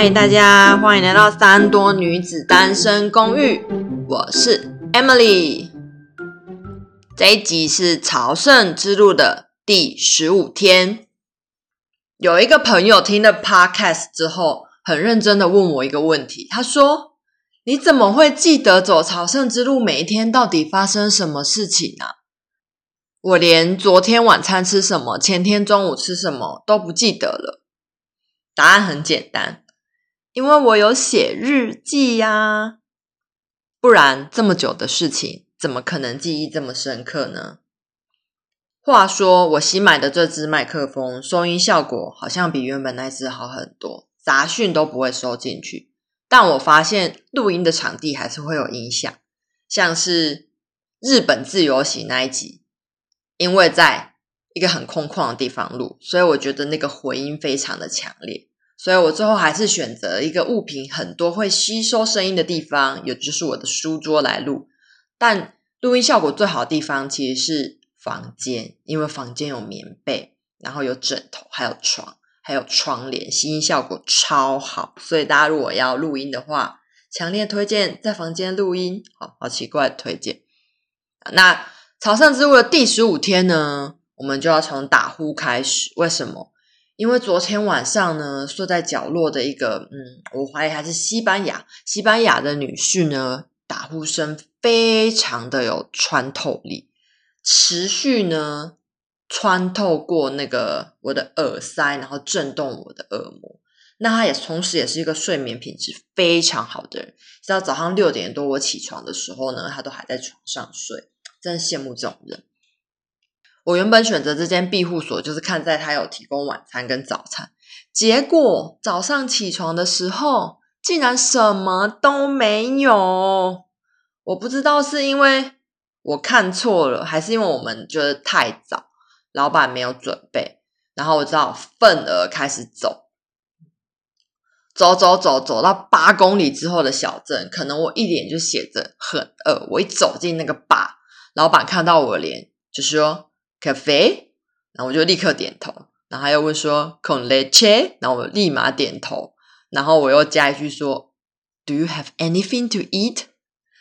嗨，大家，歡迎來到三多女子單身公寓，我是 Emily。這一集是朝聖之路的第十五天。有一個朋友聽了 Podcast 之後，很認真的問我一個問題，他說：“你怎麼會記得走朝聖之路每一天到底發生什麼事情呢、啊？我連昨天晚餐吃什麼，前天中午吃什麼都不記得了。”答案很簡單。因為我有寫日記呀、啊，不然這麼久的事情怎麼可能記憶這麼深刻呢？話說我新買的這支麥克風，收音效果好像比原本那支好很多，雜訊都不會收進去。但我發現錄音的場地還是會有影響，像是日本自由行那一集，因為在一個很空曠的地方錄，所以我覺得那個回音非常的強烈。所以我最後還是選擇一個物品很多會吸收聲音的地方，也就是我的書桌來錄。但錄音效果最好的地方其實是房間，因為房間有棉被，然後有枕頭，還有床，還有窗簾，吸音效果超好。所以大家如果要錄音的話，強烈推薦在房間錄音。好，好奇怪的推薦。那朝聖之路的第十五天呢，我們就要從打呼開始。為什麼？因為昨天晚上呢，睡在角落的一個，嗯，我懷疑他是西班牙，西班牙的女婿呢，打呼聲非常的有穿透力，持續呢穿透過那個我的耳塞，然後震動我的耳膜。那他也同時也是一個睡眠品質非常好的人，直到早上六點多我起床的時候呢，他都還在床上睡，真羨慕這種人。我原本選擇這間庇護所，就是看在它有提供晚餐跟早餐。結果早上起床的時候，竟然什麼都沒有。我不知道是因為我看錯了，還是因為我們覺得太早，老闆沒有準備。然後我知道憤而開始走，走走走，走到八公里之後的小鎮，可能我一臉就寫着很餓。我一走進那個吧，老闆看到我臉，就說。咖啡，然後我就立刻點頭，然後他又問說，con leche？然後我立馬點頭，然後我又加一句說，Do you have anything to eat？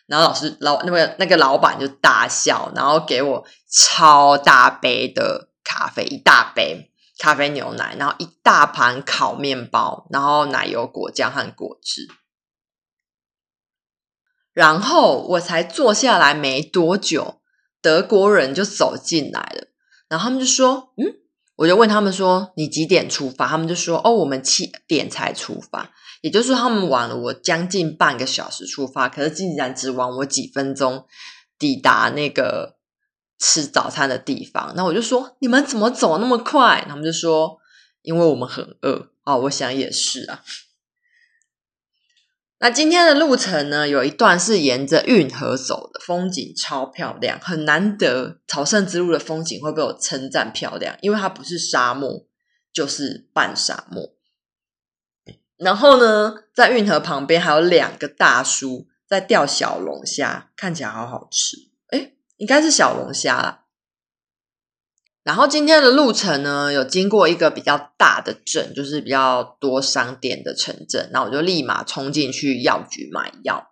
然後老師老那個那個老闆就大笑，然後給我超大杯的咖啡，一大杯咖啡牛奶，然後一大盤烤麵包，然後奶油果醬和果汁，然後我才坐下來沒多久。德國人就走進來了，然後他們就說：“嗯。”我就問他們說：“你幾點出發？”他們就說：“哦，我們七點才出發。”也就是說，他們晚了我將近半個小時出發，可是竟然只晚我幾分鐘抵達那個吃早餐的地方。那我就說：“你們怎麼走那麼快？”他們就說：“因為我們很餓。”哦啊，我想也是啊。那今天的路程呢，有一段是沿着運河走的，風景超漂亮，很難得，朝聖之路的風景會被我稱讚漂亮，因為它不是沙漠，就是半沙漠。嗯。然後呢，在運河旁邊還有兩個大叔在釣小龍蝦，看起來好好吃。誒，應該是小龍蝦啦。然後今天的路程呢，有經過一個比較大的鎮，就是比較多商店的城鎮。然後我就立馬衝進去藥局買藥。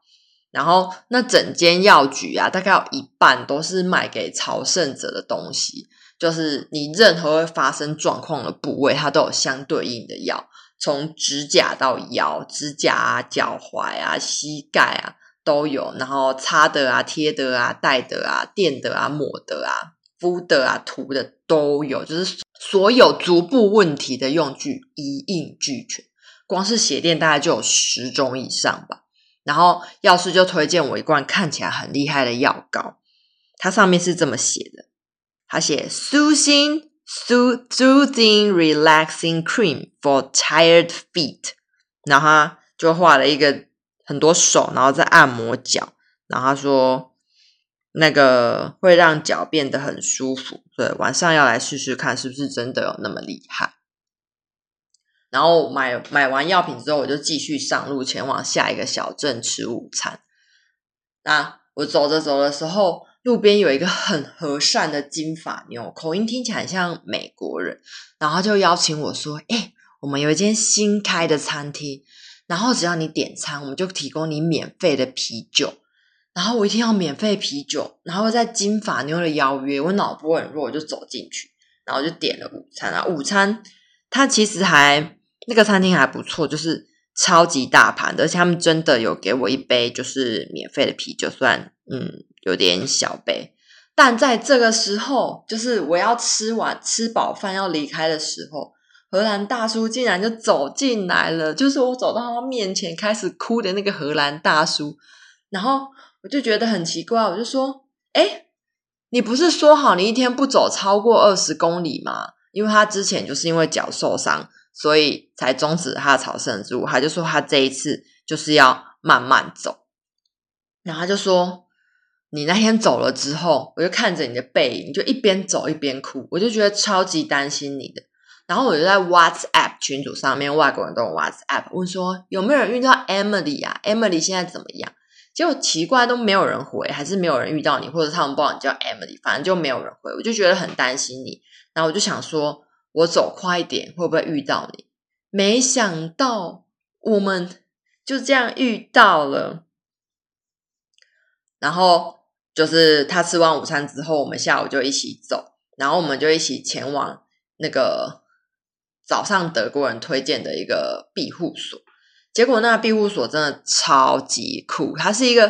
然後那整間藥局啊，大概有一半都是賣給朝聖者的東西，就是你任何會發生狀況的部位，它都有相對應的藥，從指甲到腰、指甲啊、腳踝啊、膝蓋啊都有。然後擦的啊、貼的啊、戴的啊、墊的啊、抹的啊。敷的啊，塗的都有，就是所有足部問題的用具一應俱全。光是鞋墊，大概就有十種以上吧。然後藥師就推薦我一罐，看起來很厲害的藥膏，它上面是這麼寫的，它寫 soothing soothing relaxing cream for tired feet。然後他就畫了一個很多手，然後在按摩腳。然後他說。那個會讓腳變得很舒服，對，晚上要來試試看是不是真的有那麼厲害。然後買買完藥品之後，我就繼續上路前往下一個小鎮吃午餐。那我走着走的時候，路邊有一個很和善的金髮妞，口音聽起來很像美國人，然後就邀請我說：“哎，我們有一間新開的餐廳，然後只要你點餐，我們就提供你免費的啤酒。”然後我一定要免費啤酒，然後在金髮妞的邀約，我腦波很弱，我就走進去，然後就點了午餐啊。然後午餐它其實還那個餐廳還不錯，就是超級大盤的，而且他們真的有給我一杯就是免費的啤酒，算嗯有點小杯。但在這個時候，就是我要吃完吃飽飯要離開的時候，荷蘭大叔竟然就走進來了，就是我走到他面前開始哭的那個荷蘭大叔，然後。我就覺得很奇怪，我就說：“哎，你不是說好你一天不走超過二十公里嗎？”因為他之前就是因為腳受傷，所以才終止他的朝聖之路。他就說他這一次就是要慢慢走。然後他就說：“你那天走了之後，我就看着你的背影，你就一邊走一邊哭，我就覺得超級擔心你的。”然後我就在 WhatsApp 群組上面，外國人都用 WhatsApp 問說：“有沒有人遇到 Emily 呀、啊？Emily 現在怎麼樣？”結果奇怪都沒有人回，還是沒有人遇到你，或者他們不知道你叫 Emily，反正就沒有人回，我就覺得很擔心你。然後我就想說，我走快一點會不會遇到你？沒想到我們就這樣遇到了。然後就是他吃完午餐之後，我們下午就一起走，然後我們就一起前往那個早上德國人推薦的一個庇護所。結果那個庇護所真的超級酷，它是一個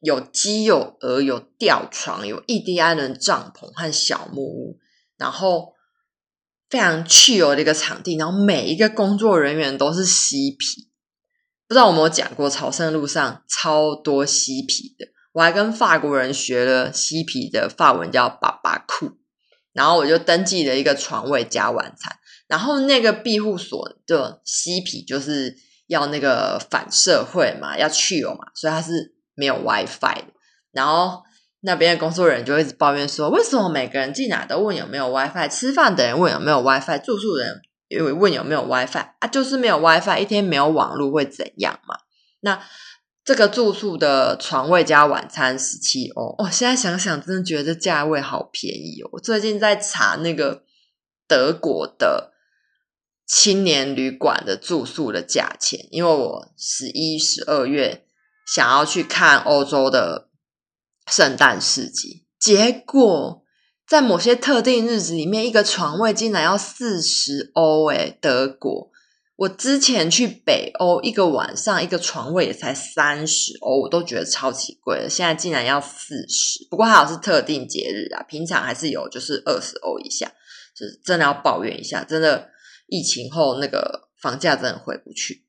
有雞有鵝有吊床有印第安人帳篷和小木屋，然後非常趣哦的一個場地。然後每一個工作人員都是嬉皮，不知道我們有講過，朝聖路上超多嬉皮的。我還跟法國人學了嬉皮的法文叫“爸爸酷”。然後我就登記了一個床位加晚餐。然後那個庇護所的嬉皮就是。要那個反社會嘛，要去哦嘛，所以他是沒有 WiFi 的。然後那邊的工作人就一直抱怨說：“為什麼每個人進來都問有沒有 WiFi？吃飯的人問有沒有 WiFi，住宿的人又問有沒有 WiFi 啊？就是沒有 WiFi，一天沒有網絡會怎樣嘛？”那這個住宿的床位加晚餐十七歐哦，現在想想真的覺得這價位好便宜哦。我最近在查那個德國的。青年旅館的住宿的價錢，因為我十一、十二月想要去看歐洲的聖誕市集，結果在某些特定日子裡面，一個床位竟然要四十歐誒！德國，我之前去北歐一個晚上一個床位也才三十歐，我都覺得超級貴了。現在竟然要四十，不過還有是特定節日啊，平常還是有就是二十歐以下。就是真的要抱怨一下，真的。疫情後那個房價真的回不去。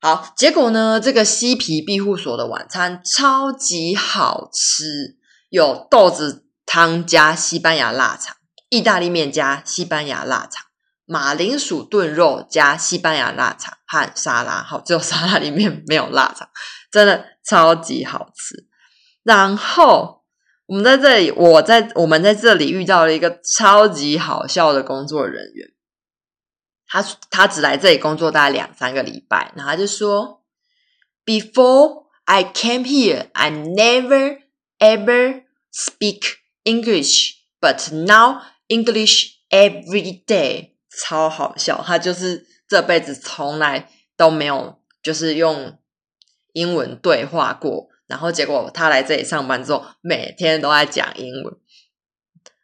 好，結果呢？這個嬉皮庇護所的晚餐超級好吃，有豆子湯加西班牙臘腸、意大利麵加西班牙臘腸、馬鈴薯燉肉加西班牙臘腸和沙拉。好，只有沙拉裡面沒有臘腸，真的超級好吃。然後我們在這裡，我在我們在這裡遇到了一個超級好笑的工作人員。他他只來這裡工作大概兩三個禮拜，然後他就說：“Before I came here, I never ever speak English, but now English every day.” 超好笑！他就是這輩子從來都沒有就是用英文對話過，然後結果他來這裡上班之後，每天都在講英文。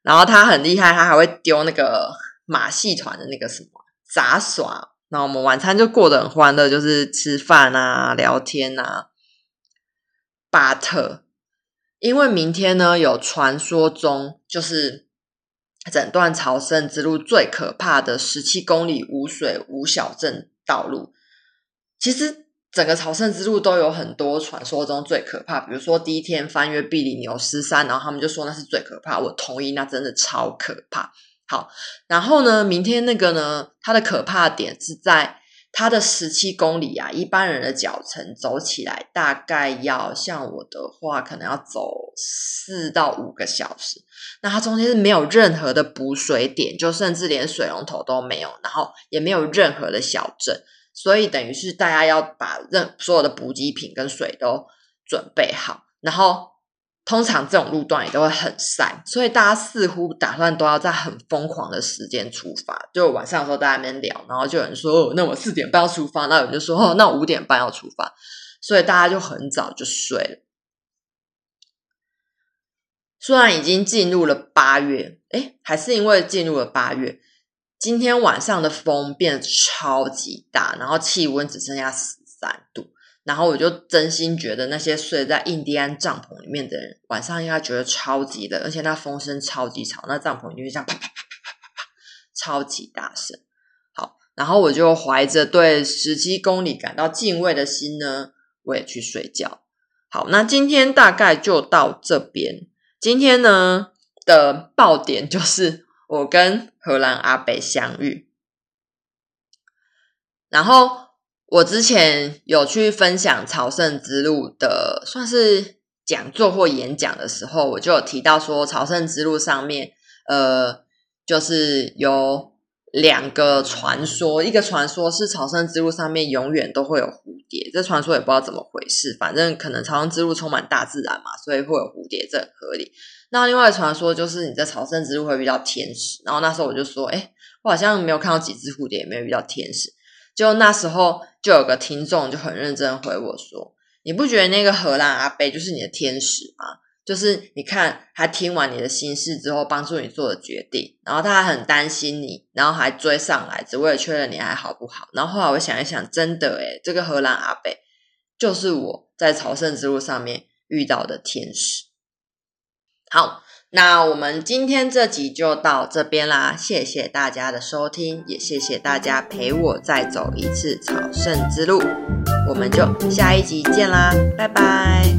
然後他很厲害，他還會丟那個馬戲團的那個什麼。雜耍，然後我們晚餐就過得很歡樂，就是吃飯啊，聊天啊。巴特，因為明天呢，有傳說中就是整段朝聖之路最可怕的十七公里無水無小鎮道路。其實整個朝聖之路都有很多傳說中最可怕，比如說第一天翻越比利牛斯山，然後他們就說那是最可怕，我同意，那真的超可怕。好，然後呢，明天那個呢，它的可怕點是在它的十七公里啊，一般人的腳程走起來大概要，像我的話，可能要走四到五個小時。那它中間是沒有任何的補水點，就甚至連水龍頭都沒有，然後也沒有任何的小鎮，所以等於是大家要把任所有的補給品跟水都準備好，然後。通常這種路段也都會很曬，所以大家似乎打算都要在很瘋狂的時間出發。就晚上的時候在外面聊，然後就有人說、哦：“那我四點半要出發。”那有人就說、哦：“那我五點半要出發。”所以大家就很早就睡了。雖然已經進入了八月，哎，還是因為進入了八月，今天晚上的風變得超級大，然後氣溫只剩下十三度。然後我就真心覺得那些睡在印第安帳篷裡面的人晚上應該覺得超級的，而且那風聲超級吵，那帳篷就是像啪啪啪啪啪啪，超級大聲。好，然後我就懷着對十七公里感到敬畏的心呢，我也去睡覺。好，那今天大概就到這邊。今天呢的爆點就是我跟荷蘭阿伯相遇，然後。我之前有去分享朝聖之路的算是講座或演講的時候，我就有提到說，朝聖之路上面，呃，就是有兩個傳說，一個傳說是朝聖之路上面永遠都會有蝴蝶，這傳說也不知道怎麼回事，反正可能朝聖之路充滿大自然嘛，所以會有蝴蝶，這很合理。那另外傳說就是你在朝聖之路會遇到天使，然後那時候我就說，哎、欸，我好像沒有看到幾隻蝴蝶，也沒有遇到天使。就那時候，就有個聽眾就很認真回我說：“你不覺得那個荷蘭阿伯就是你的天使嗎？就是你看，他聽完你的心事之後，幫助你做的決定，然後他還很擔心你，然後還追上來，只為了確認你還好不好。然後後來我想一想，真的誒，這個荷蘭阿伯就是我在朝聖之路上面遇到的天使。”好。那我們今天這集就到這邊啦，謝謝大家的收聽，也謝謝大家陪我再走一次朝聖之路，我們就下一集見啦，拜拜。